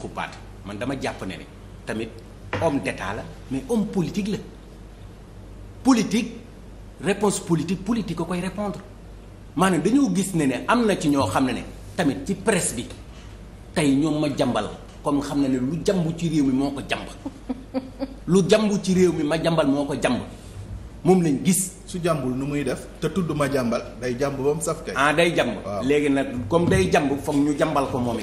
xuppaate man dama jàpp ne ne tamit om d'état la mais homme politique la politique réponse politique politique ko koy répondre maana dañoo gis ne ne am na ci ñoo xam ne ne tamit ci presse bi tey ñoom ma jàmbal comme xam ne ne lu jàmb ci réew mi moo ko jàmb lu ci réew mi ma jàmbal moo ko jàmb moom lañ gis. su jàmbul nu muy def te tudd ma jàmbal day jàmb ba mu saf kay. ah day jàmb. léegi nag comme day jàmb foog ñu jàmbal ko moom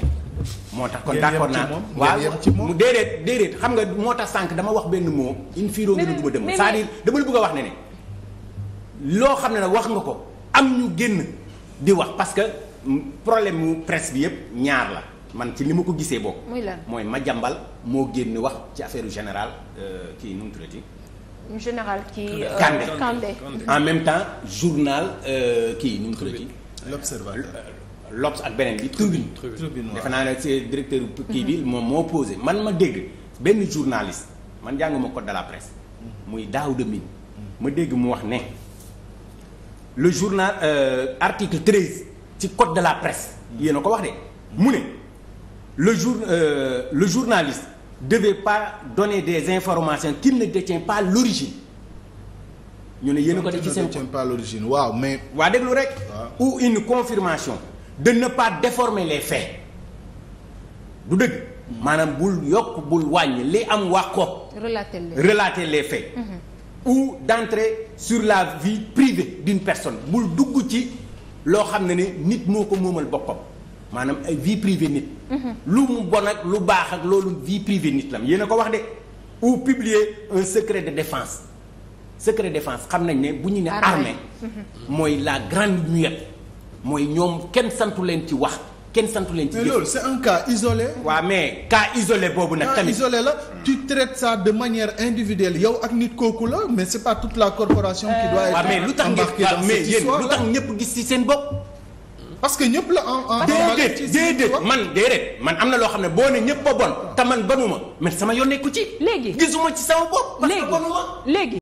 moo tax kon d'accord naa waaw mu déedéet déedéet xam nga moo tax sànq dama wax benn mot in fiiroo ngi dugg a dem saa à dama la bëgg a wax ne ne loo xam ne nag wax nga ko am ñu génn di wax parce que problème mu presse bi yëpp ñaar la man ci li ma ko gisee boobu mooy ma jàmbal moo génn wax ci affaire générale euh, kii nu mu tuddati général kii euh, Kandé en même temps journal euh, ki nu mu tuddati l'observateur L'Obs ak beneen bi Tribune defe naa ne c'est directeur kii bi moom moo posé man ma dégg benn journaliste man jànguma code de la presse muy Daouda Mine ma dégg mu wax ne le journal euh, article 13 ci code de la presse yéen a ko wax de mu ne le jour euh, le journaliste devait pas donner des informations qu'il ne détient pas l'origine ñu ne yéen a ko def ci seen. ne pas l'origine waaw mais. waa déglu rek. ou une confirmation. de ne pas déformer les faits du dëgg. maanaam bul yokk bul wàññi li am wax ko. relater les les faits. Mhm. ou dentre sur la vie privée d'une personne bul dugg ci loo xam ne ne nit moo ko moomal boppam maanaam ay vie privée nit. Mhm. lu mu bon ak lu baax ak loolu vie privée nit lam yéen a ko wax de ou publier un secret de défense secret de défense xam nañ ne bu ñu ne armée mhm. mooy la grande muette. mooy ñoom kenn santu leen ci wax kenn santu leen ci. mais loolu c'est un cas isolé. waaw mais cas isolé boobu nag. tamit isolé la tu traites ça de manière individuelle yow ak nit kooku la mais c'est pas toute la corporation. qui doit euh, être mais lu tax ngeen mais yéen lu tax ñëpp gis ci seen bopp. parce que ñëpp la en en. déedéet déedéet man déedéet man am na loo xam ne boo ne ñëpp a bon te man banuma mais sama yoon nekku ci. léegi gisuma ci sama bopp. parce que banuma léegi.